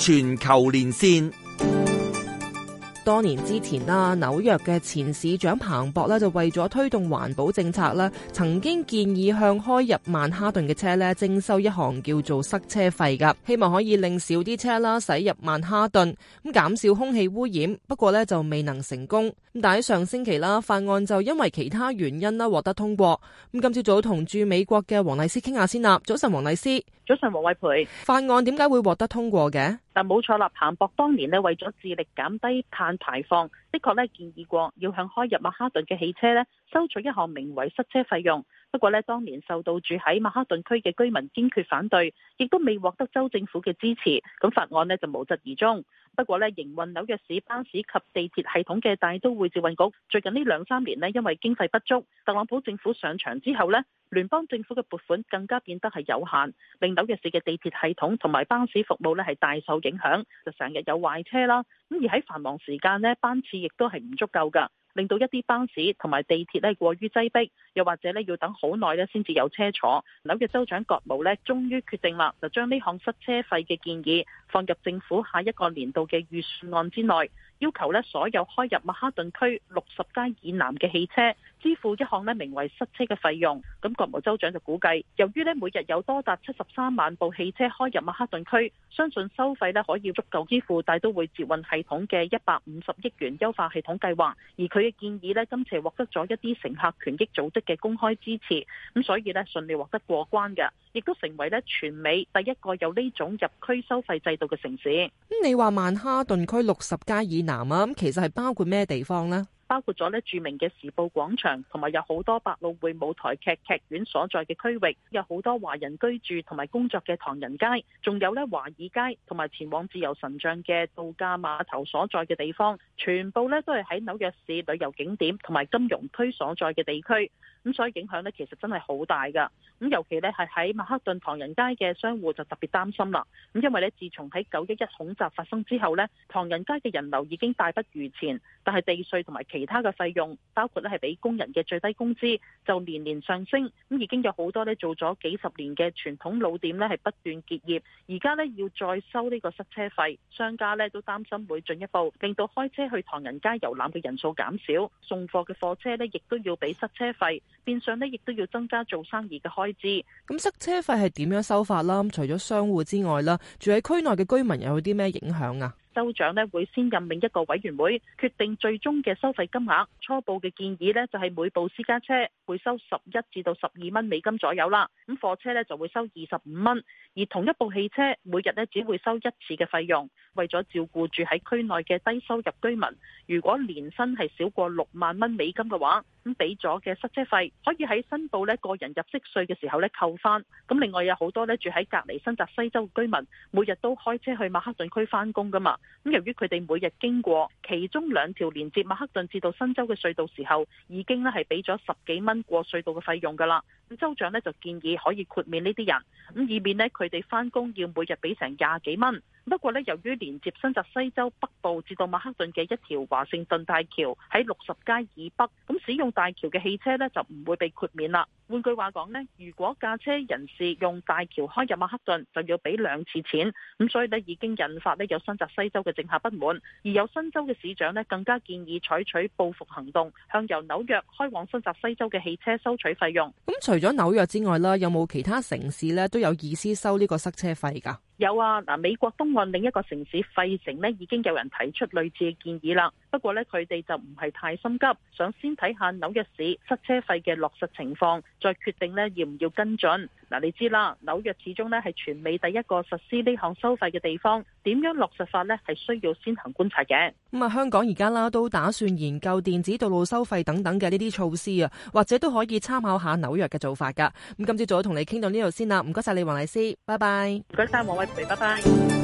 全球連線，多年之前啦，紐約嘅前市長彭博呢，就為咗推動環保政策啦，曾經建議向開入曼哈頓嘅車呢徵收一項叫做塞車費噶，希望可以令少啲車啦駛入曼哈頓，咁減少空氣污染。不過呢，就未能成功。咁但喺上星期啦，法案就因為其他原因啦獲得通過。咁今朝早同駐美國嘅黃麗施傾下先啦。早晨，黃麗施。早晨，王慧蓓。法案點解會獲得通過嘅？但冇錯啦，彭博當年咧為咗致力減低碳排放，的確咧建議過要向開入曼哈頓嘅汽車咧收取一項名為塞車費用。不過咧，當年受到住喺曼哈頓區嘅居民堅決反對，亦都未獲得州政府嘅支持，咁法案咧就無疾而終。不過咧，營運紐約市巴士及地鐵系統嘅大都會捷運局，最近呢兩三年咧，因為經費不足，特朗普政府上場之後咧，聯邦政府嘅撥款更加變得係有限，令紐約市嘅地鐵系統同埋巴士服務咧係大受影響，就成日有壞車啦，咁而喺繁忙時間咧，班次亦都係唔足夠噶。令到一啲巴士同埋地鐵呢過於擠迫，又或者呢要等好耐呢先至有車坐。紐約州長葛謨呢終於決定啦，就將呢項塞車費嘅建議放入政府下一個年度嘅預算案之內。要求咧所有開入曼哈頓區六十街以南嘅汽車支付一項咧名為塞車嘅費用，咁國務州長就估計，由於咧每日有多達七十三萬部汽車開入曼哈頓區，相信收費咧可以足夠支付大都會捷運系統嘅一百五十億元優化系統計劃，而佢嘅建議咧今次獲得咗一啲乘客權益組織嘅公開支持，咁所以咧順利獲得過關嘅。亦都成為咧全美第一個有呢種入區收費制度嘅城市。咁你話曼哈頓區六十街以南啊，咁其實係包括咩地方呢？包括咗咧著名嘅時報廣場，同埋有好多百老匯舞台劇劇院所在嘅區域，有好多華人居住同埋工作嘅唐人街，仲有咧華爾街，同埋前往自由神像嘅度假碼頭所在嘅地方，全部咧都係喺紐約市旅遊景點同埋金融區所在嘅地區。咁所以影響呢，其實真係好大㗎。咁尤其呢，係喺曼克頓唐人街嘅商戶就特別擔心啦。咁因為呢，自從喺九一一恐襲發生之後呢，唐人街嘅人流已經大不如前。但係地稅同埋其他嘅費用，包括呢係俾工人嘅最低工資，就年年上升。咁已經有好多呢，做咗幾十年嘅傳統老店呢，係不斷結業。而家呢，要再收呢個塞車費，商家呢都擔心會進一步令到開車去唐人街遊覽嘅人數減少，送貨嘅貨車呢，亦都要俾塞車費。變相呢亦都要增加做生意嘅開支。咁塞車費係點樣收法啦？除咗商戶之外啦，住喺區內嘅居民又有啲咩影響啊？州長呢會先任命一個委員會，決定最終嘅收費金額。初步嘅建議呢就係每部私家車會收十一至到十二蚊美金左右啦。咁貨車呢就會收二十五蚊，而同一部汽車每日呢只會收一次嘅費用。為咗照顧住喺區內嘅低收入居民，如果年薪係少過六萬蚊美金嘅話，咁俾咗嘅塞車費可以喺申報呢個人入息稅嘅時候呢扣翻。咁另外有好多呢住喺隔籬新澤西州嘅居民，每日都開車去曼哈頓區翻工噶嘛。咁由於佢哋每日經過其中兩條連接曼哈頓至到新州嘅隧道時候，已經咧係俾咗十幾蚊過隧道嘅費用噶啦。咁州長呢就建議可以豁免呢啲人，咁以免呢佢哋返工要每日俾成廿幾蚊。不過咧，由於連接新澤西州北部至到曼哈頓嘅一條華盛頓大橋喺六十街以北，咁使用大橋嘅汽車呢就唔會被豁免啦。換句話講呢，如果駕車人士用大橋開入曼哈頓，就要俾兩次錢。咁所以呢已經引發咧有新澤西州嘅政客不滿，而有新州嘅市長呢更加建議採取報復行動，向由紐約開往新澤西州嘅汽車收取費用。咁除咗紐約之外啦，有冇其他城市呢都有意思收呢個塞車費噶？有啊，嗱，美國東岸另一個城市費城咧，已經有人提出類似嘅建議啦。不過咧，佢哋就唔係太心急，想先睇下紐約市塞車費嘅落實情況，再決定呢要唔要跟進。嗱，你知啦，紐約始終呢係全美第一個實施呢項收費嘅地方，點樣落實法呢係需要先行觀察嘅。咁啊、嗯，香港而家啦都打算研究電子道路收費等等嘅呢啲措施啊，或者都可以參考下紐約嘅做法噶。咁今朝早同你傾到呢度先啦，唔該晒，黃麗施，拜拜。唔該晒，王慧蓓，拜拜。